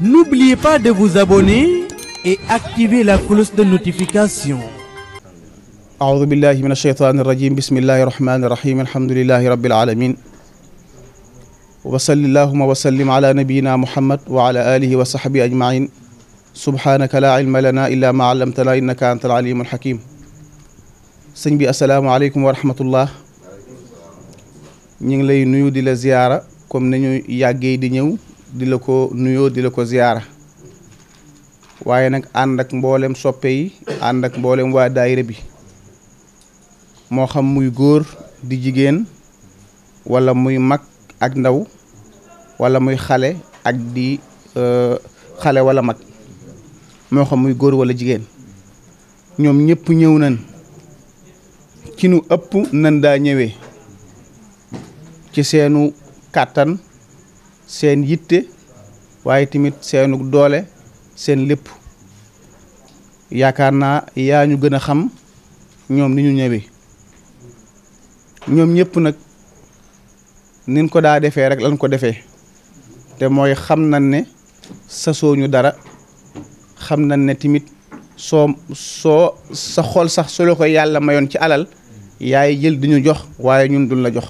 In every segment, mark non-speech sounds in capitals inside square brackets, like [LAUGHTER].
N'oubliez pas de vous abonner et activer la cloche de notification. A'udhu billahi minash-shaytanir-rajim. Bismillahir-rahmanir-rahim. Alhamdulillah, rabbil alamin Wa sallallahu wa sallim ala nabiyyina Muhammad wa ala alihi wa sahbihi ajma'in. Subhanaka la 'ilma lana illa ma 'allamtana innaka antal 'alimul hakim. Seigneurs, bonjour, salam alaykum wa rahmatullah. Wa alaykum assalam. Ñing di la ziyara comme ñuy yagge di di la ko nuyoo di la ko ziyaara waaye nag ànd ak mboolem soppe yi ànd ak mboolem waa daayira bi moo xam muy góor di jigéen walla muy mag ak ndaw walla muy xale ak di euh, xale walla mag moo xam muy góor walla jigéen ñoom ñëpp ñëw nañ ci nu ëpp nan daa ñëwee ci seenu kàttan seen yitte waaye tamit seenug doole seen lépp yaakaar naa yaa ñu gën a xam ñoom ni ñu ñëwee ñoom ñëpp nag nin ko daa defee rek lañ ko defee te mooy xam nañ ne sasoo ñu dara xam nañ ne tamit soo soo sa xool sax su la ko yàlla mayoon ci alal yaay jël di ñu jox waaye ñun duñ la jox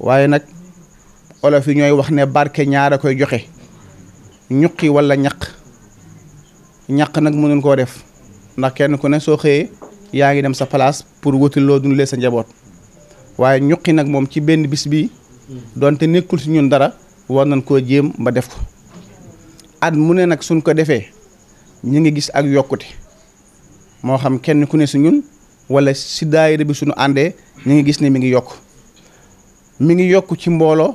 waaye nag olof yi ñooy wax ne barke ñaar a koy joxe ñuqi walla ñaq ñaq nag mënuñ koo def ndax kenn ku ne soo xëyee yaa ngi dem sa palaas pour wuti loo dundalee sa njaboot waaye ñuqi nag moom ci benn bis bi donte nekkul si ñun dara war nañ koo jéem ba def ko at mu ne nag suñ ko defee ñu ngi gis ak yokkute moo xam kenn ku ne si ñun walla si daayira bi suñu àndee ñu ngi gis ne mi ngi yokk mi ngi yokk ci mbooloo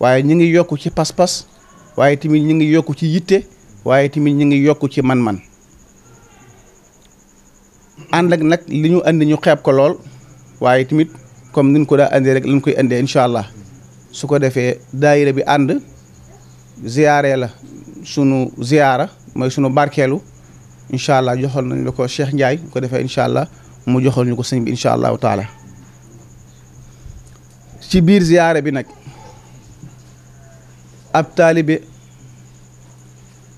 waaye ñu ngi yokk ci pas-pas waaye tamit ñu ngi yokk ci yitte waaye tamit ñu ngi yokk ci man-man ànd ak nag li ñu andi ñu xeeb ko lool waaye tamit comme niñ ko daa andee rek lañ koy andee incha allah su ko defee daayira bi ànd ziyaare la sunu ziyaara mooy sunu barkeelu incha allah joxoon nañ la ko Cheikh Ndiaye ko defee incha allah mu joxal ñu ko sëñ bi incha allahu taala ci biir ziyaare bi nag. ab talibé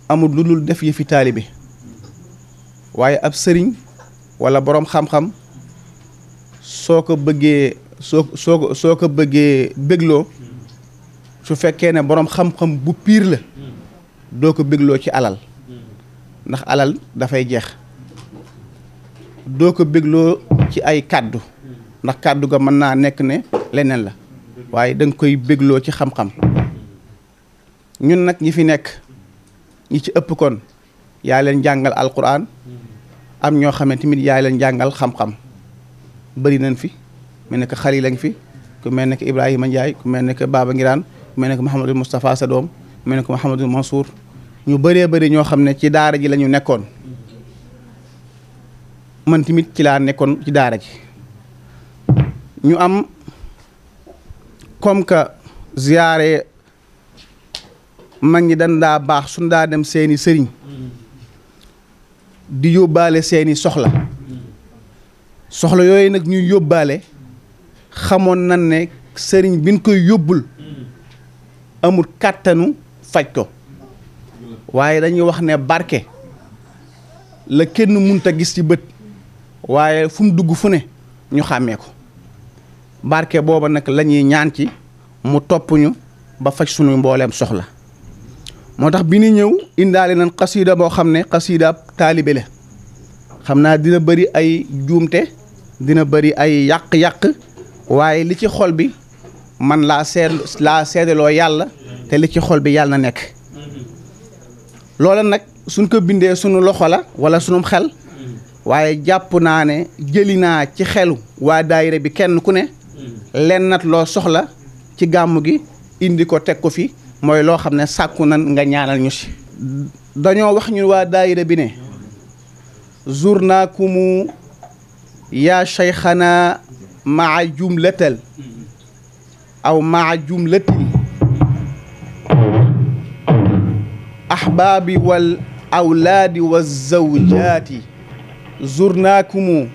amul lulul def yëfi talibé waye ab sëriñ wala borom xam-xam soko ko soko soko soo bëglo su fekké ne borom xam-xam bu pire la doo ko bégloo ci alal ndax alal dafay jeex doo ko bëglo ci ay kàddu ndax kàddu ga mën naa nekk ne lenen la waye dang koy bëglo ci xam-xam ñun nag ñi fi nekk ñi ci ëpp kon yaa leen jàngal alquran am ñoo xamante ni yaa leen jàngal xam-xam bëri nañ fi mel ne que xali lañ fi ku mel ne que Ibrahima Ndiaye ku mel ne que Baba Ngiraan ku mel ne que Mouhamadou Moustapha sa doom ku mel ne que Mouhamadou Mansour ñu bëree bëri ñoo xam ne ci daara ji la ñu nekkoon man tamit ci laa nekkoon ci daara ji ñu am comme que ziyaare mag ñi dañ daa baax suñ daa dem seeni sëriñ di yóbbaale seeni soxla soxla yooyu nag ñuy yóbbaale xamoon nan ne sëriñ biñ koy yóbbul amul kàttanu faj ko waaye dañuy wax ne barke la kenn munta gis ci bët waaye fum dugg fu ne ñu xàmmee ko barke booba nag lañuy ñaan ci mu topp ba faj suñu mbooleem soxla moo tax bi ni ñëw indaale nañ xasiida boo xam ne xasiida taalibe la xam naa dina bari ay juumte dina bari ay yàq-yàq waaye li ci xol bi man laa seet laa seetaloo yàlla te li ci xol bi yàlla na nekk loola nag suñ ko bindee sunu loxo la wala sunum xel waaye jàpp naa ne jëli naa ci xelu waa daayira bi kenn ku ne lennat loo soxla ci gàmm gi indi ko teg ko fi mooy loo xam ne sàkku nan nga ñaanal ñu si dañoo wax ñu waa daayira bi ne zurnaakumu yaa cheykhana maa jumlatal aw maa jumlatil ahbaabi wal awlaadi wa zawjaati zurnaakumu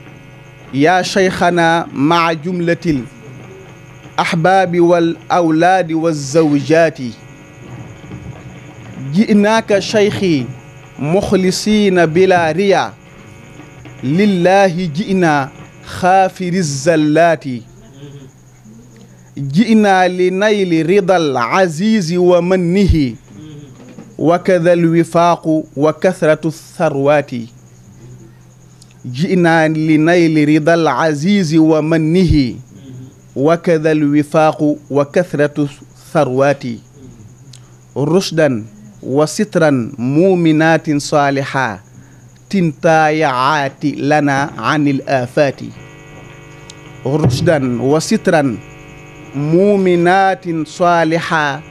yaa cheykhana maa jumlatil ahbaabi wal awlaadi wa zawjaati جئناك شيخي مخلصين بلا ريا لله جئنا خافر الزلات جئنا لنيل رضا العزيز ومنه وكذا الوفاق وكثرة الثروات جئنا لنيل رضا العزيز ومنه وكذا الوفاق وكثرة الثروات رشدا وسترا مؤمنات صالحا تنتايعات لنا عن الآفات رشدا وسترا مؤمنات صالحا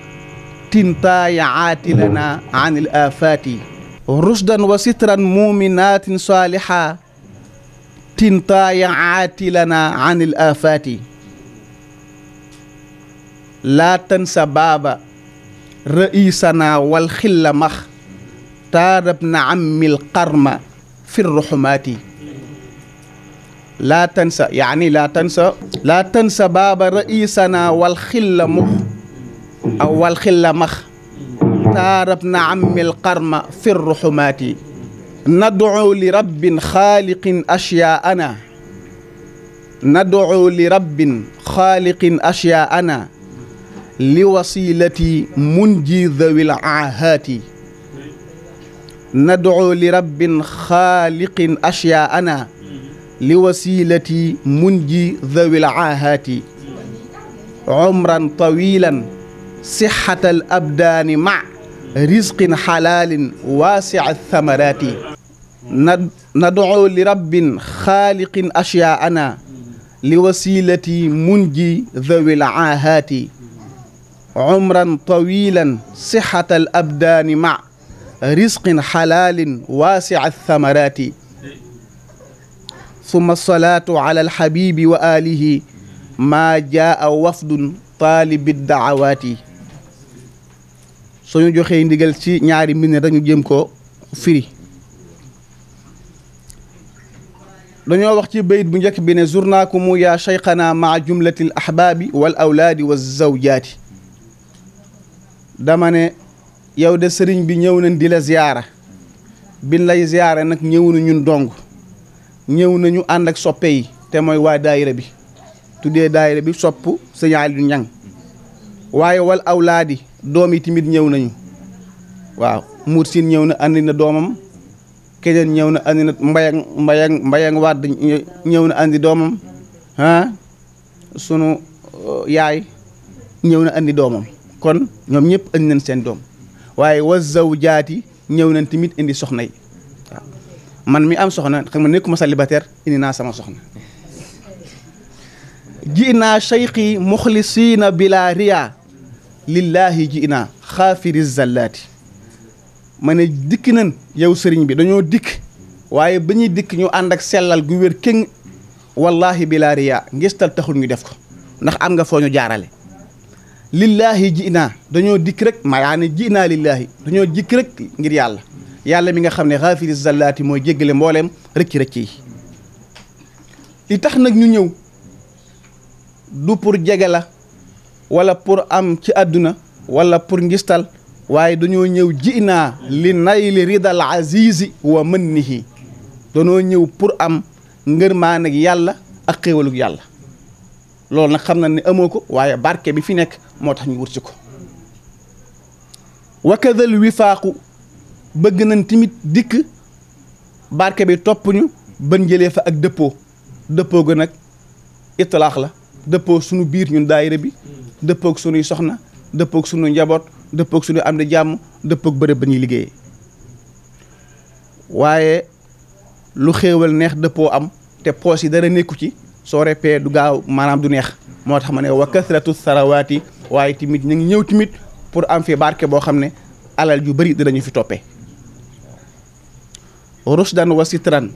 تنتايعات لنا عن الآفات رشدا وسترا مؤمنات صالحا تنتايعات لنا عن الآفات لا تنسى بابا رئيسنا والخل مخ تار ابن عم القرم في الرحمات لا تنسى يعني لا تنسى لا تنسى باب رئيسنا والخل مخ أو والخل مخ تار ابن عم القرم في الرحمات ندعو لرب خالق أشياءنا ندعو لرب خالق أشياءنا لوصيلتي منجي ذوي العاهات ندعو لرب خالق أشياءنا لوسيلتي منجي ذوي العاهات عمرا طويلا صحة الأبدان مع رزق حلال واسع الثمرات ندعو لرب خالق أشياءنا لوسيلتي منجي ذوي العاهات عمرا طويلا صحة الأبدان مع رزق حلال واسع الثمرات ثم الصلاة على الحبيب وآله ما جاء وفد طالب الدعوات سونو جوخي نديغال سي نياري مين رك نجيم فري دانيو واخ سي بيت بو يا شيخنا مع جمله الاحباب والاولاد والزوجات dama ne yow de sëriñ bi ñëw nañ di la ziyaara bin lay ziyaara nag ñëw na ñun dong ñëw nañu ànd ak soppe yi te mooy waa daayira bi tuddee daayira bi sopp sëñaal yu ñang waaye wal awlaadi doom yi tamit ñëw nañu waaw mursin ñëw na andi na doomam keneen ñëw na andi na mbayang mbayang mbayang wàdd ñëw na andi doomam ah sunu euh, yaay ñëw na andi doomam kon ñom ñëpp ëñ nañ seen doom waye wa zawjati ñëw nañ timit indi soxna yi man mi am soxna xam nga nekuma célibataire indi na sama soxna جئنا شيخي مخلصين بلا ريا لله جئنا خافر الزلات من ديكن ma سيرن بي دانيو ديك sëriñ bi dañoo dikk waaye ba ñuy dikk ñu ànd ak sellal gu wér kéng wallahi bila riya ngistal جارالي lillaahi ji naa dañoo dikk rek mayaani ji naa lillaahi dañoo jikk rek ngir yàlla yàlla mi nga xam ne xaafiri zallaati mooy jéggale mbooleem rëcc rëcc yi li tax nag ñu ñëw du pour jege la walla pour am ci àdduna wala pour ngistal waaye dañoo ñëw ji naa li nayli ridal azizi wa mën nihi dañoo ñëw pour am ngërmaan ak yàlla ak xéewalug yàlla loolu nag xam na ne amoo ko waaye barke bi fi nekk moo tax ñu wut ci ko wakadal wifaaqu bëgg nañ tamit dikk barke bi topp ñu ban jëlee fa ak dëppoo dëppoo ga nag itlaax la dëppoo suñu biir ñun daayira bi dëppoog suñuy soxna dëppoog suñu njaboot dëppoog suñu am di jàmm dëppoog bërëb ba ñuy liggéeyee waaye lu xéewal neex dëppoo am te poos yi dara nekku ci soo reppee du gaaw maanaam du neex moo tax ma ne wa kasratu sarawaati waaye tamit ñu ngi ñëw tamit pour am fi barke boo xam ne alal yu bëri dinañu fi toppee rusdan wa sitran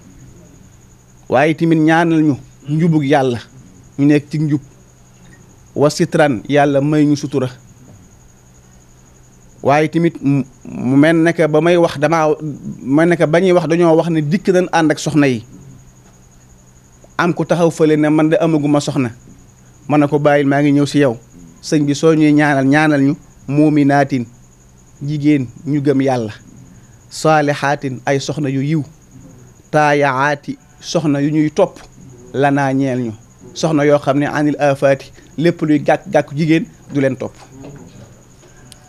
waaye tamit ñaanal ñu njubug yàlla ñu nekk ci njub wa sitran yàlla may ñu sutura waaye tamit mu mel ne ba may wax damaa mel ne ba ñuy wax dañoo wax ne dikk nañ ànd ak soxna yi am ku taxaw fële ne man de amaguma soxna ma ne ko bàyyil maa ngi ñëw si yow sëñ bi soo ñuy ñaanal ñaanal ñu naatin jigéen ñu gëm yàlla saalihaatin ay soxna yu yiw taayaati soxna yu ñuy topp lanaa ñeel ñu soxna yoo xam ne anil afaati lépp luy gàkk-gàkk jigéen du leen topp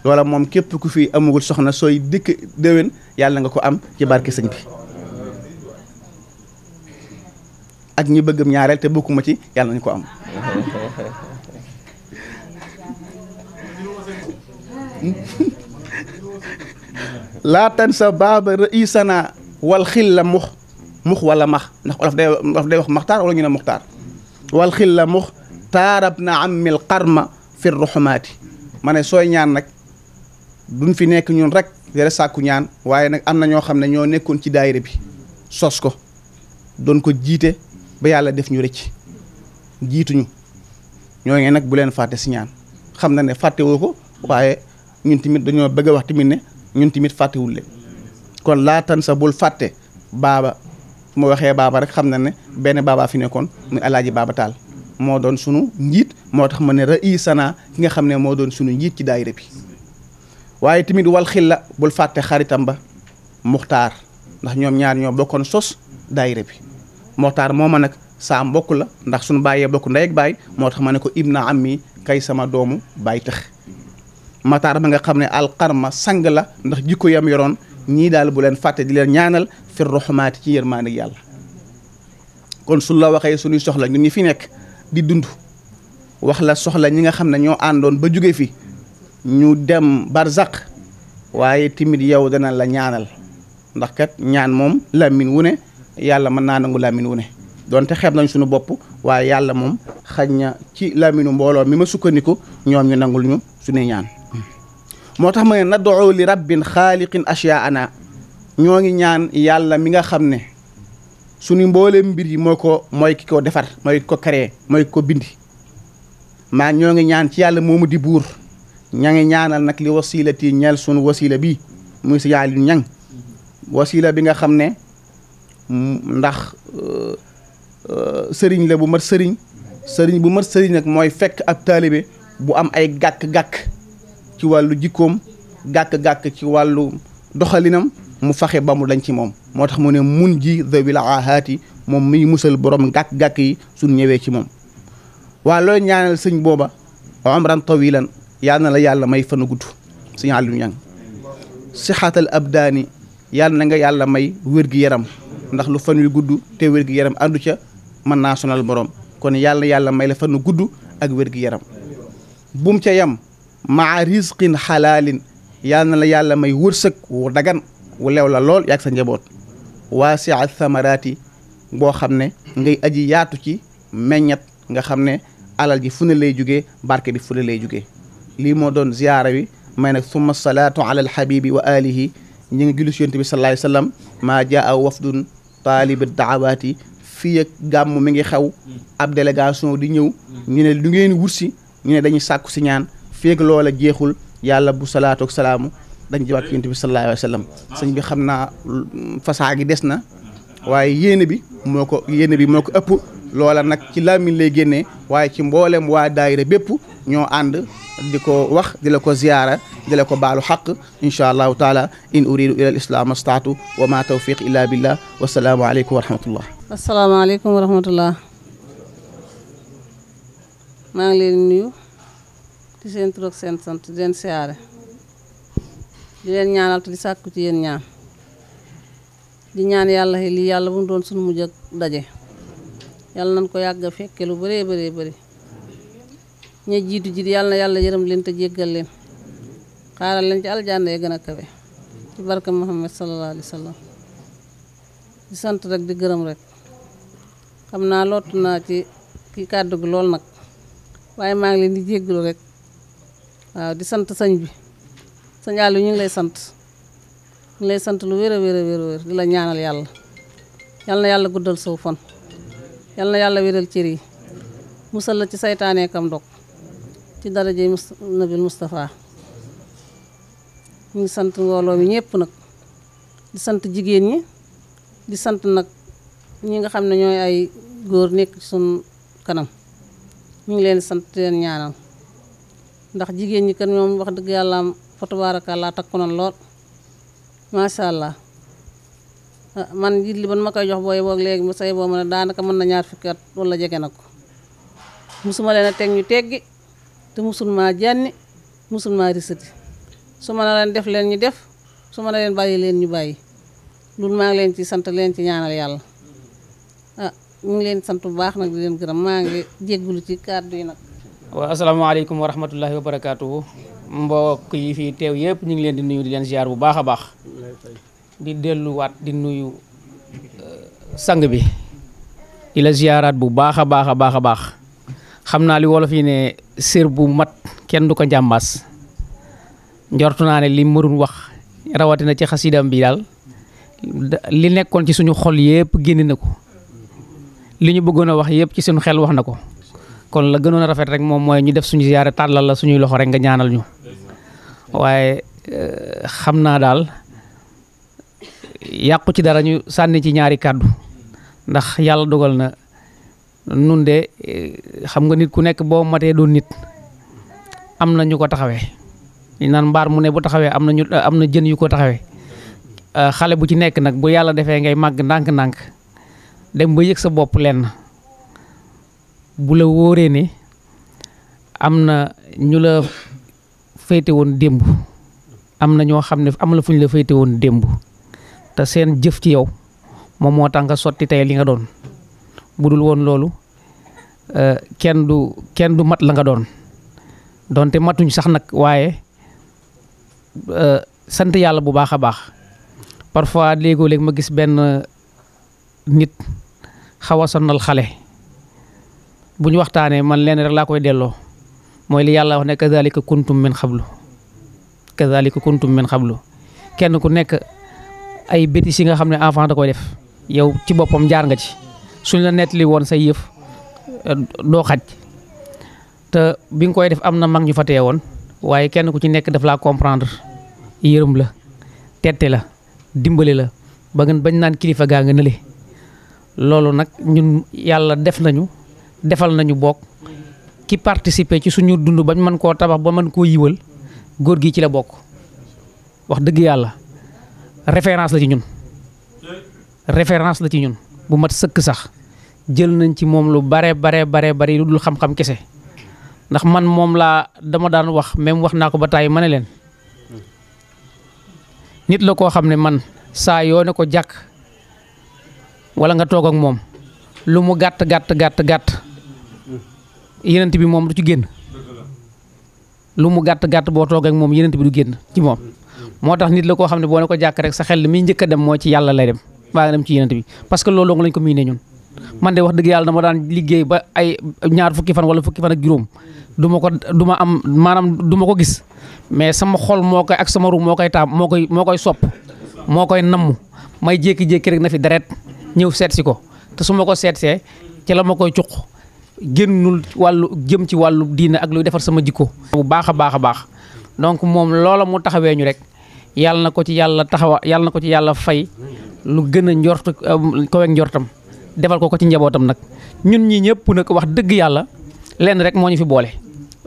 loola moom képp ku fi amagul soxna sooy dikk déwén yàlla nga ko am ci barke sëñ bi ak ñi bëgg ñaareel te bokkuma ci yàlla nañu ko am laa [LAUGHS] tan sa baaba raisana wal xil la mux mux wala max ndax olof day olof day wax maxtaar wala ñu ne muxtaar wal xil la mux taarab na amil xarma fir ruxumaati ma ne sooy ñaan nag duñ fi nekk ñun rek yore sàkku ñaan waaye nag am na ñoo xam ne ñoo nekkoon ci daayira bi sos ko doon ko jiite ba yàlla def ñu rëcc jiituñu ñoo ngi nag bu leen fàtte si ñaan xam na ne fàttewoo ko waaye ñun tamit dañoo bëgg a wax tamit ne ñun tamit fàttewul leen kon laatan sa bul fàtte baaba mu waxee baaba rek xam na ne benn baabaa fi nekkoon muy alaaji baaba taal moo doon sunu njiit moo tax ma ne sanaa ki nga xam ne moo doon sunu njiit ci daayira bi waaye tamit wal xilla bul fàtte xaritam ba muxtaar ndax ñoom ñaar ñoo bokkoon sos daayira bi moxtaar mooma nag saa mbokk la ndax suñu bàyyee bokk ndey ak baay moo tax ma ne ko ibna ammi kay sama doomu baay tëx mataar ma nga xam ne alxarma sang la ndax jikko yam yoroon ñii daal bu leen fàtte di leen ñaanal fi roxmaati ci yërmaande yàlla kon suñ la waxee suñuy soxla ñu ñi fi nekk di dund wax la soxla ñi nga xam ne ñoo àndoon ba jóge fi ñu dem barzak waaye timit yow dana la ñaanal ndax kat ñaan moom làmmiñ wu ne yàlla mën naa nangu làmmiñ wu ne donte xeeb nañ suñu bopp waaye yàlla moom xaj na ci làmmiñu mbooloo mi ma sukkandiku ñoom ñu nangul ñu suñu ñaan moo tax ma ne na doo li rabbin xaaliqin asyaana ñoo ngi ñaan yàlla mi nga xam ne sunuy mbooleem mbir yi moo ko mooy ki ko defar mooy ko créé mooy ki ko bindi maa ñoo ngi ñaan ci yàlla moomu di buur ña ngi ñaanal nag li wasilati ñel suñu wasila bi muy si yàlla ñang wasila bi nga xam ne ndax euh, euh, sëriñ la bu mat sëriñ sëriñ bu mat sëriñ nag mooy fekk ab taalibe bu am ay gàkk-gàkk ci wàllu jikkoom gàkk-gàkk ci wàllu doxalinam mu faxe ba mu dañ ci moom moo tax mu ne mun ji zawil ahaati moom miy musal boroom gàkk-gàkk yi suñ ñëwee ci moom waa looy ñaanal sëñ booba omran tawilan yal na la yàlla may fan a gudd sëñ Aliou Niang sixaatal abdaani yal na nga yàlla may wér-gi-yaram ndax lu fan wi te wér yaram àndu ca mën naa sonal borom kon yàlla yàlla may la fan wu gudd ak wér gi yaram bum ca yam maa risqin xalaalin yàlla na la yàlla may wërsëg wu dagan wu lew la lool yaag sa njaboot waasia thamaraati boo xam ne ngay aji yaatu ci meññat nga xam ne alal ji fu ne lay jugee barke bi fu ne lay jugee lii moo doon ziyaara bi may nag summa salaatu ala alhabibi wa alihi ñi ngi julli si yonent bi sallallahu alayhi wa sallam maa jaa taalibi daawaat yi fii ak gàmm mi ngi xew ab délégation di ñëw ñu ne du ngeen wursi ñu ne dañuy sàkku si ñaan fii ak loola jeexul yàlla bu salaatu ak salaamu dañ jiwaat yonent bi sallallahu alayhi bi xam naa fasaa gi des na waaye yéene bi moo ko yéene bi moo ko ëpp loola nag ci làmmiñ lay génnee waaye ci mboolem waa daayira bépp ñoo ànd di ko wax di la ko ziyaara di la ko baalu xaq insha allahu taala in uridu ila alislaam astaatu wa ma tawfiq illa billah wasalaamu aleykum wa rahmatullah asalaamaaleykum wa rahmatullah maa ngi leen nuyu di seen tur ak seen sant di leen siyaare di leen ñaanal te di sàkku ci yéen ñaan di ñaan yàlla lii yàlla bu mu doon suñu mujj ak daje yàlla nañ ko yàgg a fekke lu bëree bëree bari ña jiitu ji yàlla yàlla yërëm leen te jéggal leen xaaral leen ci aljanna ya gën a kawe ci barka Muhammad sallallahu alayhi wa sallam di sant rek di gërëm rek xam naa lottu naa ci ki kàddu gi lool nag waaye maa ngi leen di jéggalu rek waaw di sant sañ bi sëñ Aliou ñu ngi lay sant ñu lay sant lu wéré wéré wéré wéré dila ñaanal yalla yalla na yalla guddal so fon yalla na yalla wéral ciri musal la ci saytane kam dok ci daraje nabil mustafa ñu sant mbooloo mi ñepp nak di sant jigéen ñi di sant nak ñi nga xamne ñoy ay goor nek sun kanam ñu ngi leen sant leen ñaanal ndax jigéen ñi kan ñom wax deug yalla fatu fa takku non lool masala ah, man njiit li ban ma jox boy bok mana. musay bo nyar ma ne daanaka na ñaar fukki nyutegi, wala jégué nako musuma leena tek ñu teggi te musul ma janni musul ma risati suma na leen def leen ñu def suma na leen bayyi leen ñu bayyi loolu ma ngi leen ci sante leen ci ñaanal yalla ah ñu ngi leen sante bu baax nak di leen gëram ma ngi jéggulu ci kàddu yi wa assalamu alaykum wa rahmatullahi wa barakatuh mbokk yi fi tew iya, yëpp ñu ngi leen di nuyu di leen ziar bu baax a baax di delluwaat di nuyu eh, sang bi di la ziarat bu baax a baax a baax a baax xam naa li wolof yi ne sér bu mat kenn du ko njàmbaas njortu naa ne li mu wax rawatina ci xasidam bi daal li nekkoon ci suñu xol yëpp génn na ko li ñu wax ci suñu xel wax na kon la gënoon a rafet rek moom mooy ñu def suñu ziyaare tàllal la suñuy loxo rek nga ñaanal ñu waaye euh, xam naa daal yàqu ci dara ñu sànni ci ñaari kàddu ndax yàlla dogal na nun de euh, xam nga nit ku nekk boo matee doon nit am na ñu ko taxawee ñu naan mbaar mu ne bu taxawee am na am na jën yu ko taxawee euh, xale bu ci nekk nag bu yàlla defee ngay màgg ndànk-ndànk dem ba yëg sa bopp lenn bu la wóoree ne am na ñu la féete woon démb am na ñoo xam ne am la fu ñu la féete woon démb te seen jëf ci yow moom moo tax nga sotti tey li nga doon bu dul woon loolu euh, kenn du kenn du mat la nga doon donte matuñ sax nag waaye euh, sant yàlla bu baax a baax parfois léegoo léeg ma gis benn nit xaw a xale bu ñu waxtaanee man leen rek laa koy delloo mooy li yàlla wax ne kazalika kuntum min xablu kazalika kuntum min xablu kenn ku nekk ay bêtises yi nga xam ne enfant da koy def yow ci boppam jaar nga ci suñ la nettali woon say yëf doo xaj te bi nga koy def am na mag ñu fa tee woon waaye kenn ku ci nekk daf laa comprendre yërëm la tette la dimbali la ba ngeen bañ naan kilifa gaa nga nële loolu nag ñun yàlla def nañu defal nañu bok ki participer ci suñu dundu bañ man ko tabax ba man ko yiwel góor gi ci la bok wax deug yalla référence la ci ñun référence la ci ñun bu mat sax jël nañ ci mom lu bare bare bare bare lu dul xam-xam kese ndax man mom la dama daan wax même wax nako ba tay ne nit la ko xam man sa yoo ne ko jak wala nga tok ak mom lu mu gatt gatt gatt gatt yenent bi moom du ci génn lu mu gàtt gàtt boo toog ak moom yenent bi du génn ci moom moo tax nit la koo xam ne boo ne ko jàkk rek sa xel muy njëkk a dem moo ci yàlla lay dem baa nga dem ci yenent bi parce que loolu lañ ko ne ñun man de wax dëgg yàlla dama daan liggéey ba ay ñaar fukki fan wala fukki fan ak juróom du ma ko du ma am maanaam du ma ko gis mais sama xol moo koy ak sama ru moo koy taam moo koy moo koy sopp moo koy namm may jékki-jékki rek na fi deret ñëw seet si ko te su ma ko seetsee ci la ma koy cuq génnul wàllu jëm ci wàllu diine ak luy defar sama jikko bu baax a baax a baax donc moom loola mu taxawee ñu rek yàlla na ko ci yàlla taxawa yàlla na ko ci yàlla fay lu gën a njort um, kowek njortam defal ko ko ci njabootam nag ñun ñi ñëpp nag wax dëgg yàlla lenn rek moo ñu fi boole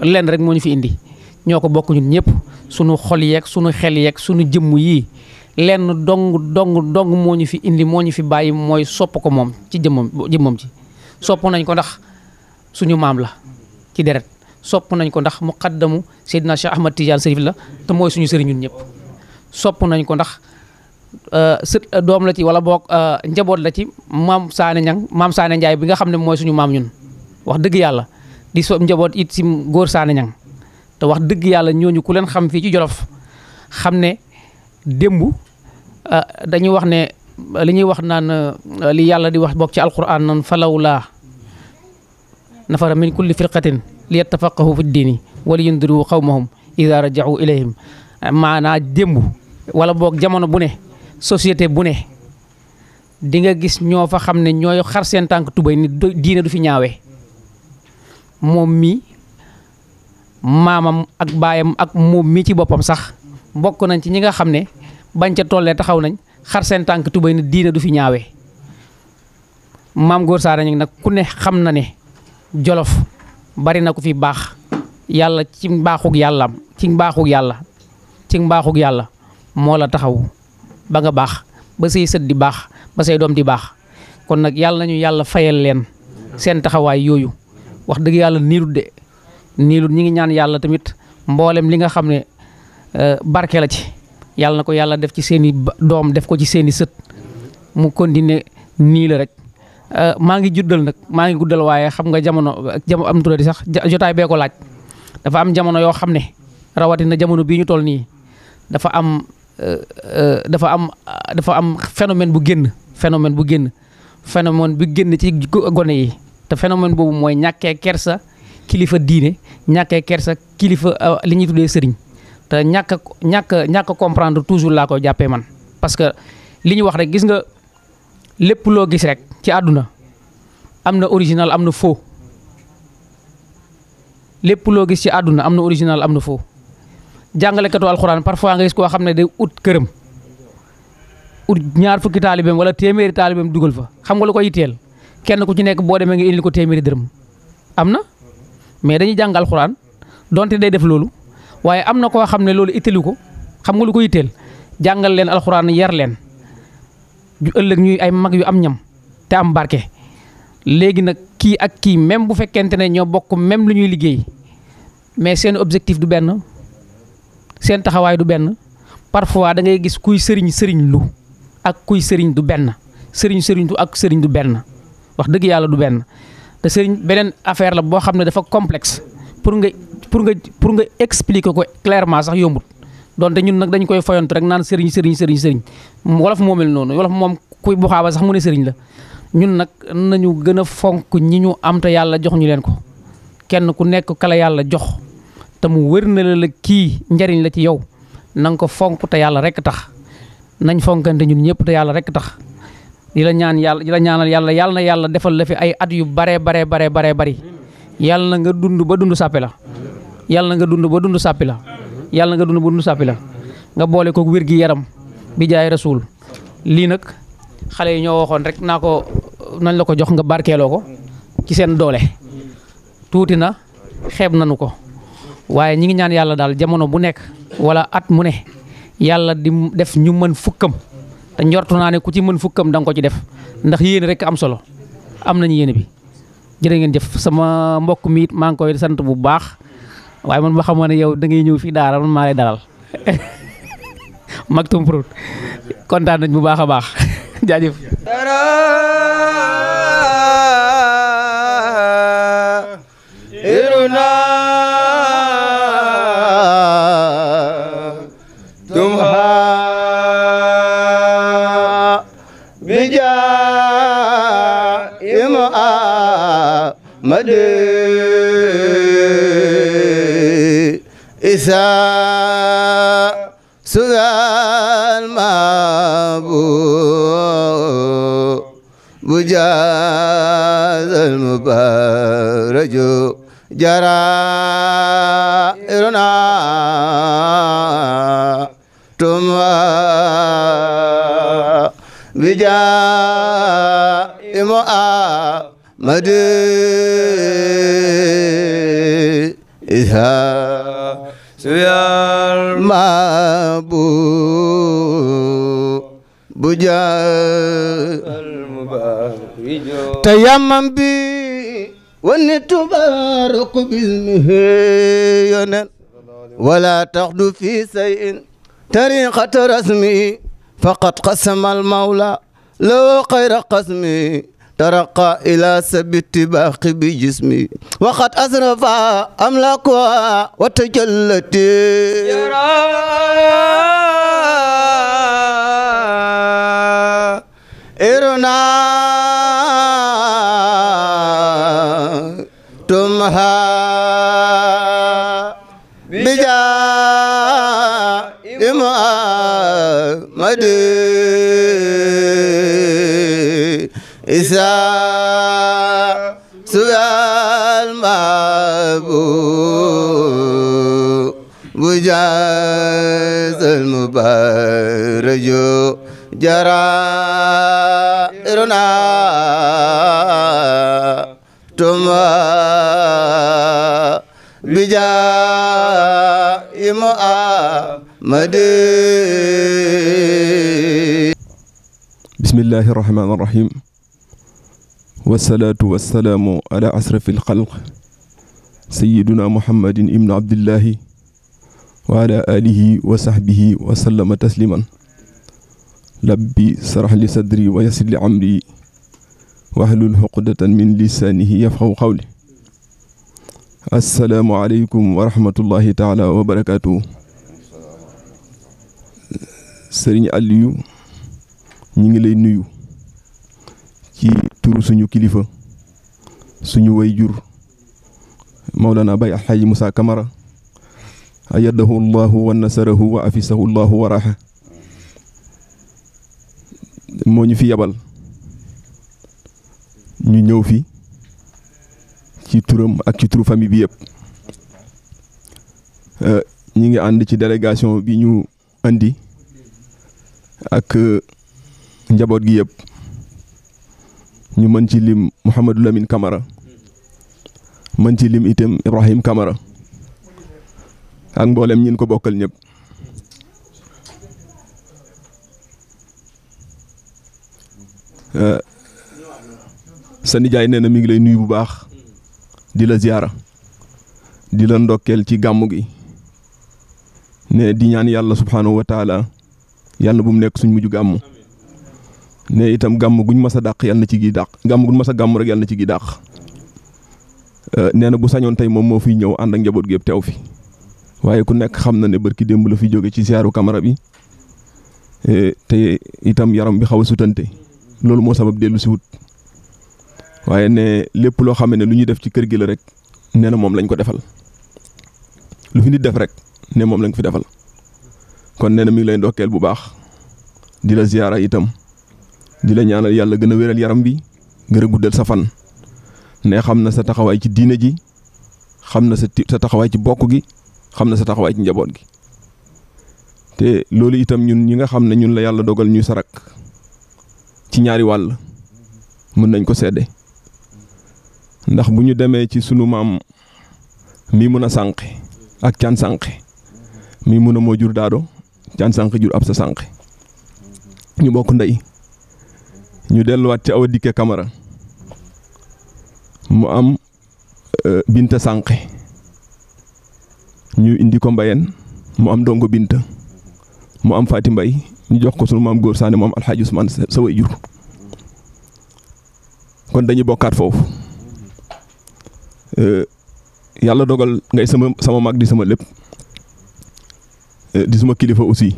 lenn rek moo ñu fi indi ñoo ko bokkuñu ñun ñëpp sunu xol yeeg sunu xel yeeg sunu jëmm yii lenn dong dong dong moo ñu fi indi moo ñu fi bàyyi mooy sopp ko moom ci jëmmam jëmmam ci suñu maam la ci deret sopp nañ ko ndax muqaddamu Seydina Cheikh Ahmad Tidiane Serif la te mooy suñu sëriñ ñun ñëpp sopp nañ ko ndax euh, sët euh, doom la ci wala boog euh, njaboot la ci maam Saane Ñang maam Saane Njaay bi nga xam ne mooy suñu maam ñun wax dëgg yàlla di so njaboot it si góor Saane Ñang te wax dëgg yàlla ñooñu ku leen xam fii ci Jolof xam ne démb dañuy wax ne li ñuy wax naan li yàlla di wax boog ci alquran nan falawlaa nafara min kulli firqatin li yattafaqahu fi diini wala yundiru qawmahum ida rajau ilayhim maanaa démb wala boog jamono bu ne société bu ne di nga gis ñoo fa xam ne ñooy xar seen tànk tubay ni diine du fi ñaawe moom mii maamam ak baayam ak moom mii ci boppam sax bokk nañ ci ñi nga xam ne bañ ca tollee taxaw nañ xar seen tànk tubay ni diine du fi ñaawee maam góor saara nag ku ne xam na ne jolof bari na ko fi bax yalla ci baxuk yalla ci baxuk yalla ci baxuk yalla mo la taxaw ba nga bax ba sey seud di bax ba sey dom di bax kon nak yalla nañu yalla fayal len sen taxaway yoyu wax deug yalla niirut de niirut ñi ngi ñaan yalla tamit mbollem li nga xamne ne euh, barke la ci yalla na yalla def ci seeni dom def ko ci seeni seut mu kondine ni la rek Euh, maa ngi juddal nag maa ngi guddal waaye xam nga jamono jam am tuddati sax jotaay bee ko laaj dafa am jamono yoo xam ne rawatina jamono bii ñu toll nii dafa am euh, euh, dafa am dafa am phénomène bu génn phénomène bu génn phénomène bu génn ci gone yi te phénomène boobu mooy ñàkkee kersa kilifa diine ñàkkee kersa kilifa li ñuy tuddee sëriñ te ñàkk ñàkk ñàkk comprendre toujours laa ko jàppee man parce li ñu wax rek lépp loo gis rek ci àdduna am na original am na foo lépp loo gis ci àdduna am na original am na faux jàngalekatu alxuraan parfois nga gis koo xam ne day ut këram ut ñaar fukki taalibeem wala téeméeri taalibeem dugal fa xam nga lu ko yitteel kenn ku ci nekk boo demee nga indil ko téeméeri dërëm am na mais dañuy jàng alxuraan donte day def loolu waaye am na koo xam ne loolu itteelu ko xam nga lu ko yitteel jàngal leen alxuraan yar leen. ju ëllëg ñuy ay mag yu am ñam te am barke léegi nag kii ak kii même bu fekkente ne ñoo bokk même lu ñuy liggéey mais seen objectif du benn seen taxawaay du benn parfois da ngay gis kuy sëriñ sëriñ lu ak kuy sëriñ du benn sëriñ sëriñtu ak sëriñ du benn wax dëgg yàlla du benn te sëriñ beneen affaire la boo xam ne dafa complexe pour nga pour nga pour nga expliquer ko clairement sax yombut. donte ñun nag dañ koy fayantu rek naan sëriñ sëriñ sëriñ sëriñ wolof moom mel noonu wolof moom kuy buxaaba sax mu ne sëriñ la ñun nag nañu gën a fonk ñi ñu am te yàlla jox ñu leen ko kenn ku nekk kala yàlla jox te mu wër na la kii njariñ la ci yow na ko fonk te yàlla rek tax nañ fonkante ñun ñëpp te yàlla rek tax di la ñaan yàlla di la ñaanal yàlla yàlla na yàlla defal la fi ay at yu baree baree baree baree bari yàlla na nga dund ba dund sàppi la yàlla na nga dund ba dund sàppi la yàlla nga dund bu dund sàppi la nga boole ko wér gi yaram bi jaay rasul lii nag xale yi ñoo waxoon rek naa ko nañ la ko jox nga barkeeloo ko ci seen doole tuuti na xeeb nanu ko waaye ñi ngi ñaan yàlla daal jamono bu nekk walla at mu ne yàlla di def ñu mën fukkam te njortu naa ne ku ci mën fukkam da ko ci def ndax yéen rekk am solo am nañu yéene bi jërë ngeen jëf sama mbokk mi maa ngi koy sant bu baax waaye man ba xamoon ne yow da ngay ñëw fii daara man maa lay dalal [LAUGHS] Maktoum Prod kontaan nañ bu baax a baax [LAUGHS] jaajëf. Madhu جاز المبارج جرائرنا تما بجاء محمد إذا سيار ما بو بجاء تيمم بي ونتبارك باسمه ينن ولا تغدو في شيء تاريخ رسمي فقد قسم المولى لو خير قسمي ترقى إلى سب اتباق بجسمي وقد أسرف أملاكها وتجلت يرى المصطفى بجاء محمد إساء سؤال المحبوب بجاز المبارج جرائرنا تما إما محمد بسم الله الرحمن الرحيم والصلاة والسلام على أشرف الخلق سيدنا محمد ابن عبد الله وعلى آله وصحبه وسلم تسليما لبي سرح لي صدري ويسر لي عمري واهلل عقدة من لسانه يفقهوا قولي السلام عليكم ورحمة الله تعالى وبركاته سرين أليو نيغلي نيو كي تورو سونو كليفا سونو ويجور مولانا باي الحاج موسى كمرة أيده الله ونسره وعفسه الله وراحه موني في يبل ñu ñëw fi ci turam ak ci turu famille bi yépp euh ñi ngi and ci délégation bi ñu andi ak euh, njabot gi yépp ñu mën ci lim Mouhamadou Lamine Kamara mën ci lim itam Ibrahim Kamara ak mboolem ñin ko bokkal ñëpp euh sa nijaay nee na mi ngi lay nuyu bu baax di la ziyaara di la ndokkeel ci gàmm gi ne di yàlla subhaanahu wa taala yàlla bu mu nekk suñ mujj gàmm ne itam gàmm guñ mas a dàq yàlla na ci gi dàq gàmm guñ mas a gàmm rek yàlla ci gi dàq euh, nee na bu sañoon tey moom moo fiy ñëw ànd ak njaboot gi yëpp teew fi waaye ku nekk xam na ne bërki démb la fi jóge ci siyaaru kamara bi euh, te itam yaram bi xawa a sutante loolu moo sabab dellu si wut waaye ne lépp loo xam ne lu ñuy def ci kër gi la rek nee na moom lañ ko defal lu fi nit def rek ne moom lañ ko fi defal kon nee na mi ngi lay ndokkeel bu baax di la ziyaara itam di la ñaanal yàlla gën a wéral yaram bi gën a guddal sa fan ne xam na sa taxawaay ci diine ji xam na sa sa taxawaay ci bokk gi xam na sa taxawaay ci njaboot gi te loolu itam ñun ñi nga xam ne ñun la yàlla dogal ñuy sarak ci ñaari wàll mën nañ ko sedde ndax bu ñu demee ci sunu maam mii mën a sànq ak can sànq mi mën a moo jur daado can sànq jur ab sa sànq ñu bokk ndey ñu delluwaat ci awa dikke kamara mu am euh, binta sànq ñu indi ko mbayeen mu am dongo binta mu am faati mbay ñu jox ko sunu maam góor saane mu am alxaaji usmaan sa way jur kon dañuy bokkaat foofu Euh, yàlla dogal ngay sama sama mag di sama lépp euh, di suma kilifa aussi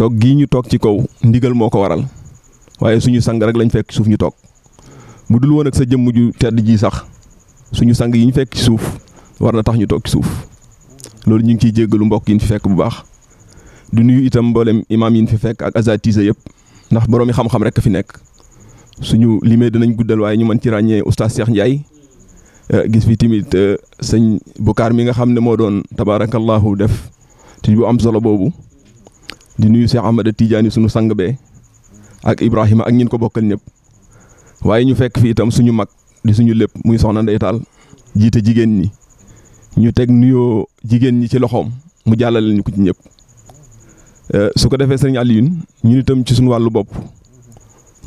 toog gii ñu toog ci kaw ndigal moo ko waral waaye suñu sang rek lañ fekk suuf ñu toog bu dul woon ak sa jëmm ju tedd ji sax suñu sang yi ñu fekk ci suuf war na tax ñu toog suuf loolu ñu ngi ciy jéggalu mbokk yi ñu fi fekk bu baax du nuyu itam mboolem imaam yi ñu fi fekk ak asatise yëpp ndax boroomi xam-xam rek a fi nekk suñu limee dinañ guddal waaye ñu mën ci ràññee oustaz Cheikh Ndiaye. Eh, gis fi tamit eh, sëñ Bukaar mi nga xam ne moo doon tabaarakallahu def ti bu am solo boobu di nuyu Cheikh Ahmada Tidiane suñu sang bee ak Ibrahima ak ñin ko bokkal ñëpp waaye ñu fekk fi itam suñu mag di suñu lépp muy soxna Ndeye jiite jigéen ñi ñu teg nuyoo jigéen ñi ci loxoom mu jàllale ñu ko ci ñëpp eh, su ko defee sëñ Alioune ñun itam ci suñu wàllu bopp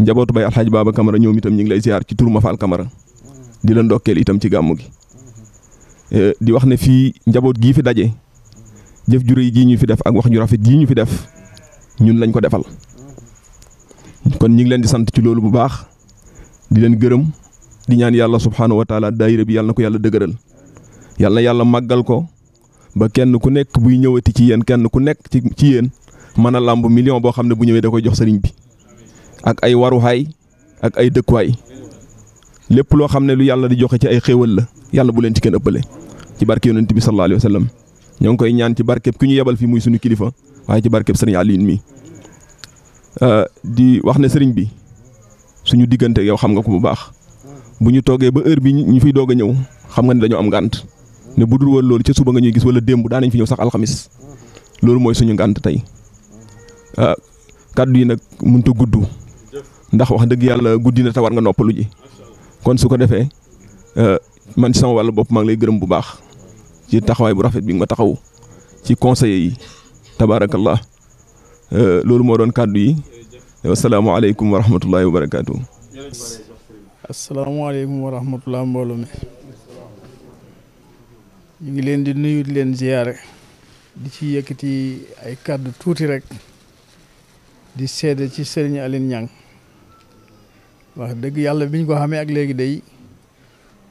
njabootu bay Alxaaji Baaba ñëw ñoom itam ñu ngi lay ci turu Mafal kamara di leen ndokkeel itam ci gàmmu gi eh, di wax na fii njaboot gii fi daje jëf ju rëy jii ñu fi def ak wax ju rafet jii ñu fi def ñun lañ ko defal kon ñu ngi leen di sant ci loolu bu baax di leen gërëm di ñaan yàlla subhaanahu wa taala daayira bi yàlla na ko yàlla dëgëral yàlla yàlla màggal ko ba kenn ku nekk buy ñëwati ci yéen kenn ku nekk ci ci yéen mën a làmb million boo xam ne bu ñëwee da koy jox sëriñ bi ak ay waruwaay ak ay dëkkuwaay. lepp lo xamne lu yalla di joxe ci ay xewal la yalla bu len ci ken eppele ci barke yonnati bi sallallahu alaihi wasallam sallam koy ñaan ci barke ku ñu yebal fi muy suñu kilifa way ci barke serigne Alioune mi euh, di wax ne serigne bi suñu diggante yow xam nga ko bu baax bu ñu toogee ba heure bi ñu fiy doga ñew xam nga ne am ngànt ne bu dul wol lool ci suba nga ñuy gis wala dembu da nañ fi ñew sax khamis lool moy suñu tay euh kaddu yi nak muñ ta guddu ndax wax deug yalla guddina na war nga ji kon su ko defee euh, man ci sama wàllu bopp maa lay gërëm bu baax ci taxawaay bu rafet bi nga ma taxaw ci conseillers yi tabaarakallah euh, loolu moo doon kàddu yi asalaamaaleykum wa rahmatullahi wa barakaatu. asalaamaaleykum wa rahmatullah mbooloo mi ñu ngi leen di nuyu di leen ziyaare di ci yëkkati ay kàddu tuuti rek di seede ci Serigne Aline Niang wax dëgg yàlla biñ ko xamee ak léegi day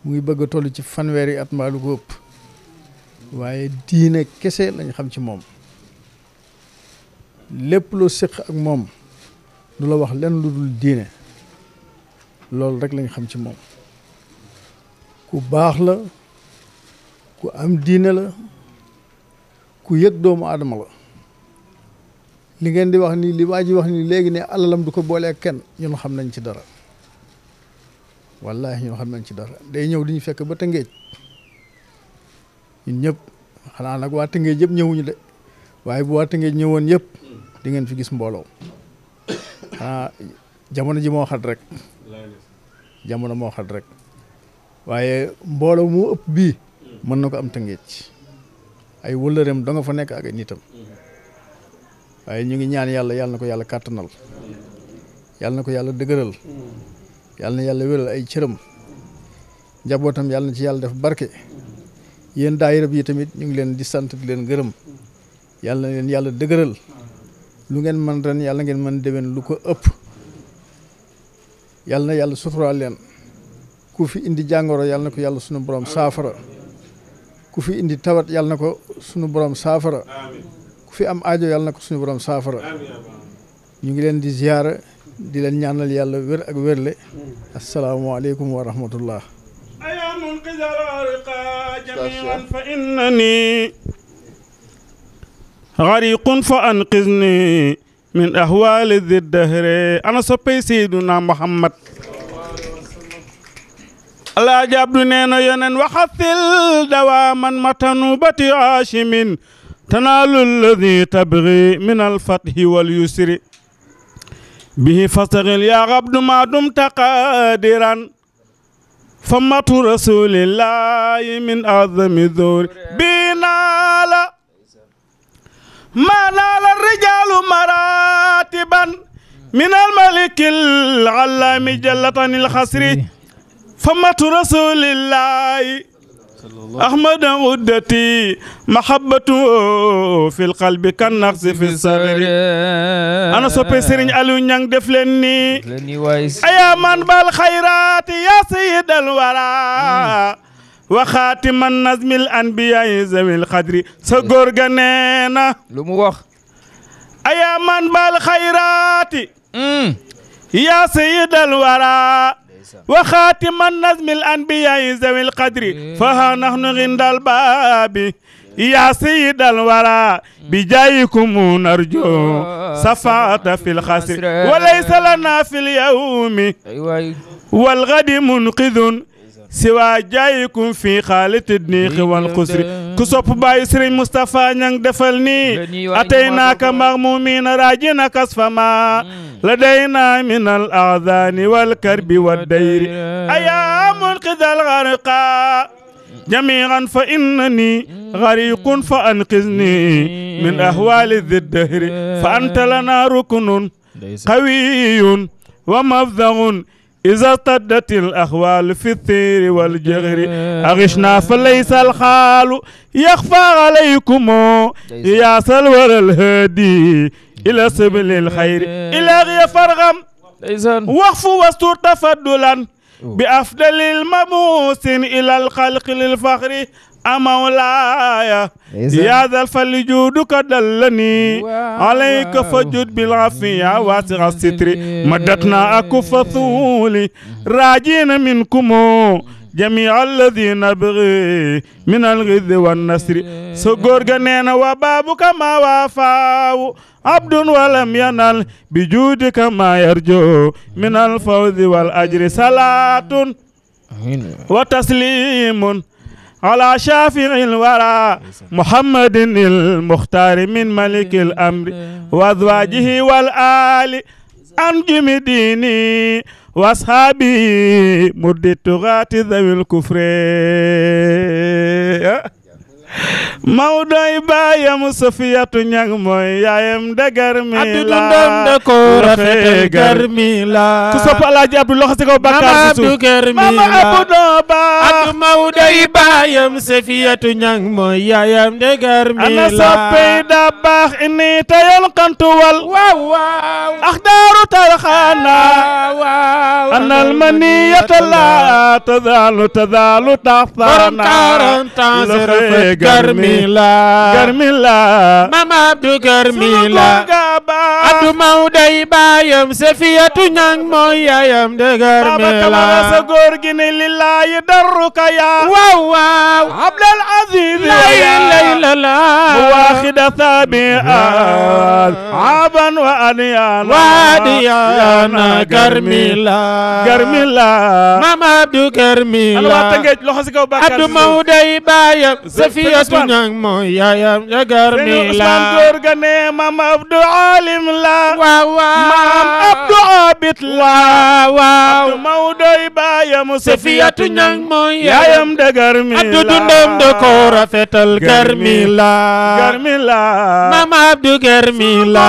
mu ngi bëgg a toll ci fanweeri at mbaa lu ko ëpp waaye diine kese lañ xam ci moom lépp loo séq ak moom du la wax lenn lu dul diine loolu rek lañ xam ci moom ku baax la ku am diine la ku yëg doomu aadama la li ngeen di wax ni li waa ji wax ni léegi ne alalam du ko boolee kenn ñun xam nañ ci dara wallahi ñun xam nañ ci dara day ñëw di ñu fekk ba Tëngéej ñun ñëpp xanaa nag waa Tëngéej yëpp ñëwuñu de waaye bu waa Tëngéej ñëwoon yëpp di ngeen fi gis mbooloo xanaa jamono ji moo xat rek jamono moo xat rek waaye mbooloo mu ëpp bii mën na ko am Tëngéej ay wëllëreem da fa nekk ak nitam waaye ñu ngi ñaan yàlla yàlla na ko yàlla kàttanal yàlla na ko yàlla dëgëral yàlla na yàlla wéral ay cëram njabootam yàlla na ci yàlla def barke yéen daayira bi tamit ñu ngi leen di sant di leen gërëm yàlla na leen yàlla dëgëral lu ngeen mën ren yàlla ngeen mën déwén lu ko ëpp yàlla na yàlla suturaal leen ku fi indi jàngoro yàlla na ko yàlla sunu borom saafara ku fi na ko sunu borom saafara ku fi am aajo yàlla sunu borom saafara ñu ngi leen di ziyaara di leen ñaanal yàlla wér ak wérle asalaamaaleykum wa rahmatullah ayaa munqidha al-gharqa jamii'an fa innani gharqun fa anqidhnii min ahwaali dhi dahri ana soppay seyduna muhammad alaaji abdu nee na yonen waxasil dawaaman matanubati aashimin tanaalu alladi tabgi min alfathi walyusri به فاستغل يا عبد ما دمت قادرا فمة رسول الله من أعظم الذور لا ما نال الرجال مراتبا من الملك العلام جلة الخسر إيه. فمة رسول الله أحمد عدتي محبته في القلب كالنقص في الصغر أنا سوبي سيرين ألو نيان دفلني أيا من بالخيرات يا سيد الورى وخاتم النظم الأنبياء ذوي القدر سغور غنينا لومو واخ أيا من بالخيرات يا سيد الورى وخاتم النظم الأنبياء ذوي القدر إيه. فها نحن عند الباب يا سيد الورى بجايكم نرجو آه، صفاة في الخسر وليس لنا في اليوم أيوة. والغد منقذ سوى جايكم في خالد الدنيخ والقسري كسوب باي سري مصطفى نيانك دفلني أتيناك مغمومين راجينك أصفما لدينا من الأعذان والكرب والدير أيام انقذ الغرقاء جميعا فإنني غريق فأنقذني من أهوال ذي الدهر فأنت لنا ركن قوي ومفذغ إذا اصطدت الأخوال في الثير والجغر أغشنا فليس الخال يخفى عليكم يا سلور الهدي إلى سبل الخير إلى غير فرغم وقف واستر تفضلا بأفضل المموس إلى الخلق للفخر مولاي يا ذا الفل جودك دلني عليك فجد بالعافية واسع الستر مدتنا أكف ثولي راجين منكم جميع الذين بغي من الغذ والنسر سقور جنين وبابك ما وافاو عبد ولم ينل بجودك ما يرجو من الفوز والأجر صلاة وتسليم على شافع الورى محمد المختار من ملك الأمر وأزواجه والآل أنجم ديني وأصحابي مرد التغاة ذوي الكفر mawdoy baayam safiyatu ñag mooy yaayam de garmi la dundam de ko rafete garmi la ku kaw bakkaar su suuf mama abdu doo baax ak mawdoy mooy yaayam de garmi la ana soppe da baax inni tayal kantuwal waaw waaw axdaaru tarxaana waaw anal maniyata la tazaalu tazaalu taxtaana borom 40 ans Karmila Karmila Mama Abdou Karmila Abdou Mawday baayam Safiyatu ñang mooy yaayam de Karmila sa góor gi ne lillahi darruka ya waaw waaw Abdul Aziz la ilaha illa واخد ثابئا عابا وانيانا واديانا كرميلا كرميلا ماما عبدو كرميلا عبدو مودي بايا سفية ñang mooy yaayam jagar mi la Ousmane góor ga ne maam Abdou Alim la waaw waaw maam Abdou Abit la waaw Mawdoy baayam Safiyatu ñang mooy yaayam jagar mi la Abdou dundam da ko rafetal gar mi la gar mi la maam Abdou gar mi la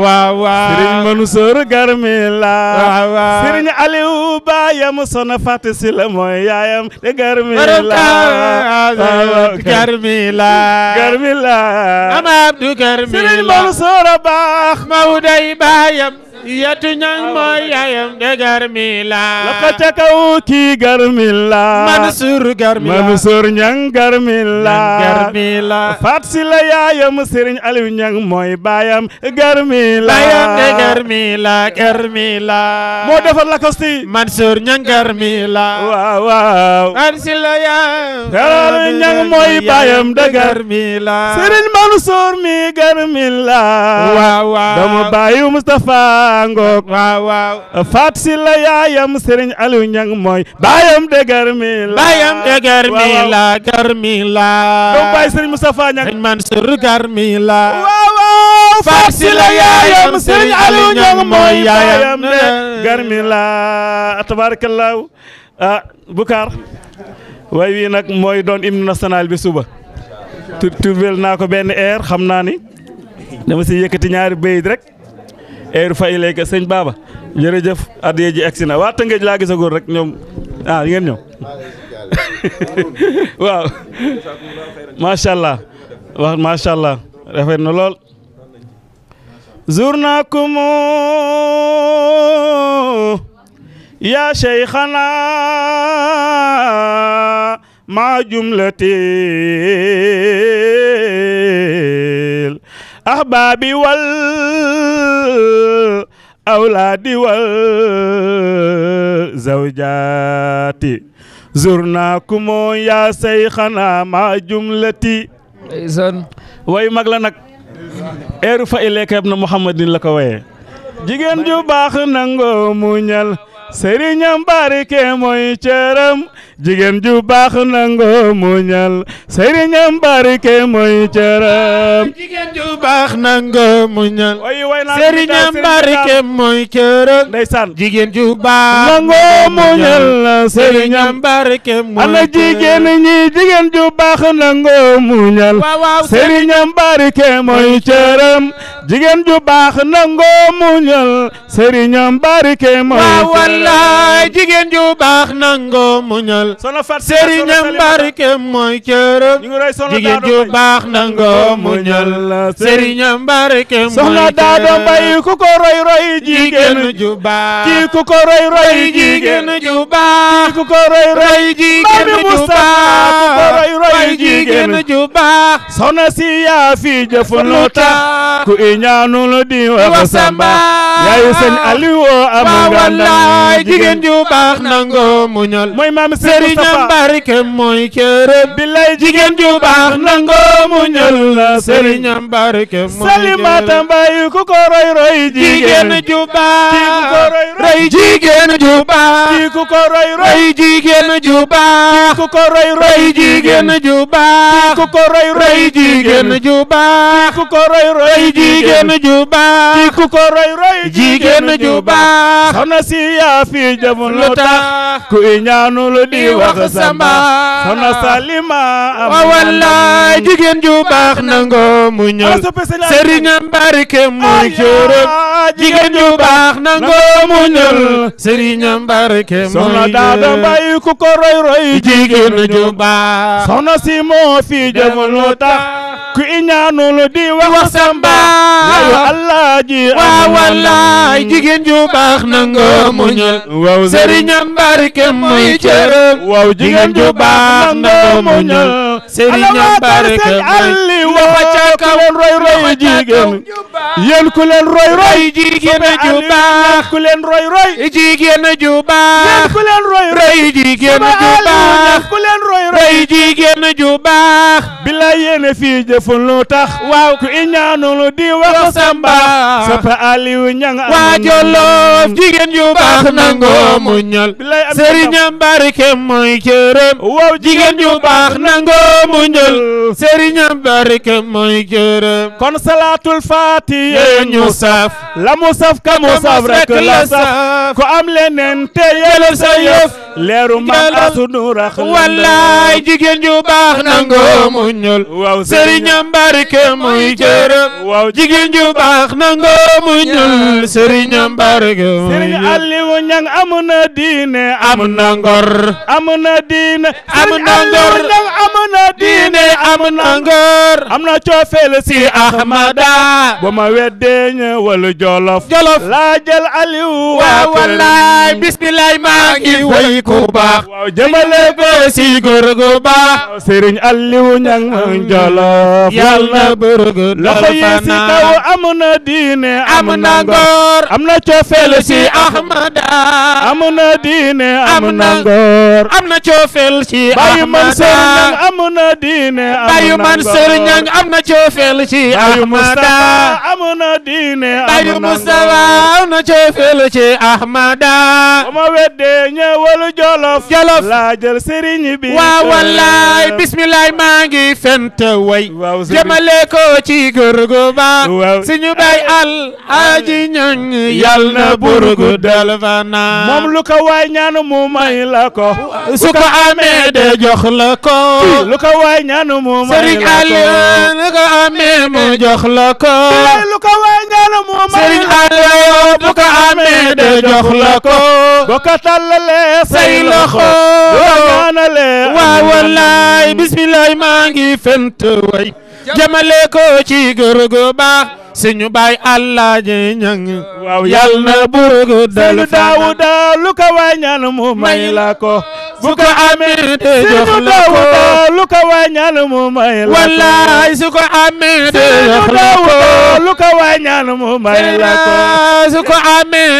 waaw waaw sëriñ Mansour Garmila waaw waaw sëriñ Aliou baayam sona Fatou si la mooy yaayam de Garmila Garmila Garmila Amadou Garmila sëriñ Mansour baax Mawday baayam yatu ñang mooy yaayam de garmila loxo ca kaw garmila Manusur garmila Manusur nyang garmila garmila fat musirin la yaayam sëriñ aliw ñang garmila Bayam de garmila garmila moo defar la kosti Manusur nyang garmila Wow wow fat si la yaayam ñang mooy de garmila sëriñ manusur mi garmila Wow wow dama bayu mustafa baa ngoog waaw waaw faat si yaayam sëriñ Aliou Niang mooy baayam de garmi la waaw waaw faat si yaayam sëriñ Aliou Niang mooy baayam de garmi la tabarakallah ah, way wi nag mooy doon hymne national bi suba tur naa ko benn air xam naa ni si yëkkati ñaari bayit rek eeru fay léegi sëñ Baba jërëjëf addiya ji egsi na waa Tëngéej laa gisagul rek ñoom ah ngeen [LAUGHS] waaw macha wax macha allah na lool. زرناكم يا شيخنا مع جملتي ahbaabi wal awlaadi wal zawjaati zurnaakumoo yaa say xanaa ma jumlati way mag la nag eeru fa ileeka ibn muhammadin la ko waye jigéen ju baax nangoo muñal sëriñam barke mooy cëram jigéen ju baax nangoo muñal sëriñam barke mooy cëram jigéen ju baax nangoo muñal sëriñam barke mooy cëram ndeysaan jigéen ju baax nangoo muñal sëriñam barke mooy ana jigéen ñi jigéen ju baax nangoo muñal sëriñam barke mooy cëram jigéen ju baax nangoo muñal sëriñam barke mooy cëram wallaay jigéen ju baax nangoo muñal teral sëriñam barke mooy cëram jigéen ju baax nangoo muñal sëriñam barke mooy cëram soxna Daado Mbay ku ko roy roy jigéen ju baax kii ku ko roy roy jigéen ju baax ku si yaa fi jëfun ku i ñaanul di wax samba yaay sëñ Aliou am nga ndam jigéen ju baax nangoo muñal mooy maam sëriñam barke mooy këram bilay jigéen ju baax nangoo mu ñal la sëriñam barke mooy këram salimata mbay ku ko roy roy jigéen ju baax roy jigéen ju baax ku ko roy roy jigéen ju baax ku ko roy roy jigéen ju baax ku ko roy roy jigéen ju baax ku ko roy roy jigéen ju baax ku ko roy roy jigéen ju baax soxna si yaa fi jëm lu tax ku ñaanu lu di wax sama soxna Salima a wallaay jigéen ju baax nango mu ñol sëriñam barke muy curub jigéen ju baax nango mu ñol sëriñam barke muy soxna daada mbay ku ko roy roy jigéen ju baax soxna si moo fi jëmul tax ñaanul di wax samba yaayu allah ji waaw wallaay jigéen ju baax nanga muñal waaw sëriñam barke muy cëram waaw jigéen ju baax nanga muñal sëriñam barke muy loxo ca kaw roy roy jigéen yéen ku leen roy roy jigéen ju baax ku leen roy roy jigéen ju baax ku leen roy roy jigéen ju baax ku leen roy roy jigéen ju baax yéene fii jëfun tax ah. waaw ku iñaanulu di wax samba sapa aliou ñang waa jolof jigéen ju baax nangoo mu ñal sëriñam barke mooy cërëm waaw jigéen ju baax nangoo mu ñal sëriñam barke mooy cërëm kon salaatul faati yee saf la mu saf ka saf rek la saf ko am leneen te yéene sa yëf leeru maam asu nurax wallaay jigéen ju baax nangoo muñul waaw sëriñam barke muy jërëm waaw jigéen ju baax nangoo muñul sëriñam barke muy sëriñ Aliou Ñang am na diine am na ngor am na diine am na ngor am na diine am na ngor na coofeel si Ahmada bu ma weddee ñëwal Jolof Jolof laa jël Aliou wallaay bismilaay maa way ku baax waaw jëmale ko si góor gu baax sëriñ Aliou Ñang Jolof yàlla bërëg loxo yi si kaw na diine am na ngor am na coofeel si Ahmada am na diine am na ngor am na coofeel si Baye Mansour na diine Baye Mansour Ñang am na coofeel si Ahmada am na diine Baye Mustafa am na coofeel si Ahmada ma wedde ñëwal jolof jolof laa jël sëriñ bi waaw wallaay bismillaay maa ngi fent way jëmale ko ci gërgu ba suñu bay al aji ñoñ yal na burgu dal fana moom lu ko waay ñaan mu may la su ko amee de jox la ko lu ko waay ñaan mu may la ko sëriñ Aliou lu amee mu jox la ko lu ko la ko ay loxo la ngi fent way jamale ko ci gër gu baax suñu baay allah ji ñang yal na burgu dalu daawuda lu ko mu may la ko ko amee de jox la ko lu ko waay mu may la ko ko amee de jox la ko lu ko waay mu may la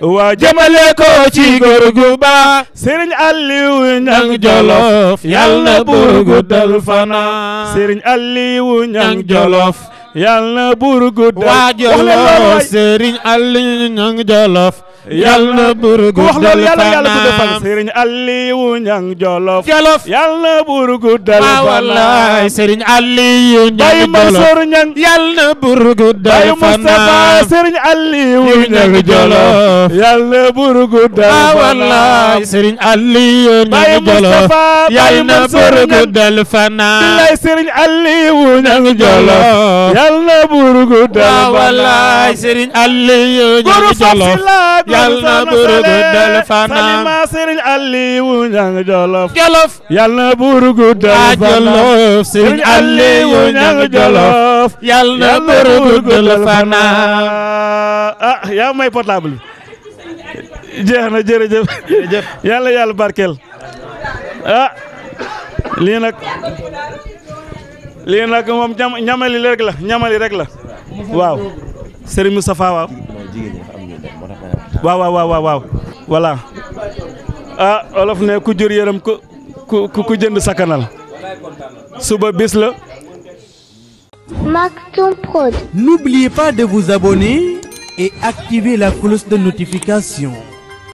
waa jëmale ko ci góor gu baax sëriñ Aliou Niang Jolof yàlla na buur guddal fana sëriñ Aliou Jolof yàlla na buur gu dal waa Jolof Serigne Aliou Jolof. yàlla na buur dal fanaam Serigne Aliou Niang Jolof. yal na burugu dal ah, wallaay Serigne Aliou Niang Jolof yal na burugu dal fanam Serigne Aliou Niang Jolof Jolof yal na burugu dal ah, Jolof Serigne Aliou Niang Jolof yal na burugu dal fanam ah yaa may portable bi jeex na jërëjëf jërëjëf yàlla yàlla barkeel ah lii nag lii nag moom ñamali rek la ñamali rek la waaw Serigne Moustapha waaw waaw waaw waaw waaw voilà ah olof ne ku jur yërëm ku ku ku jënd sakanal suba bis la Maktoum Prod N'oubliez pas de vous abonner et activer la cloche de notification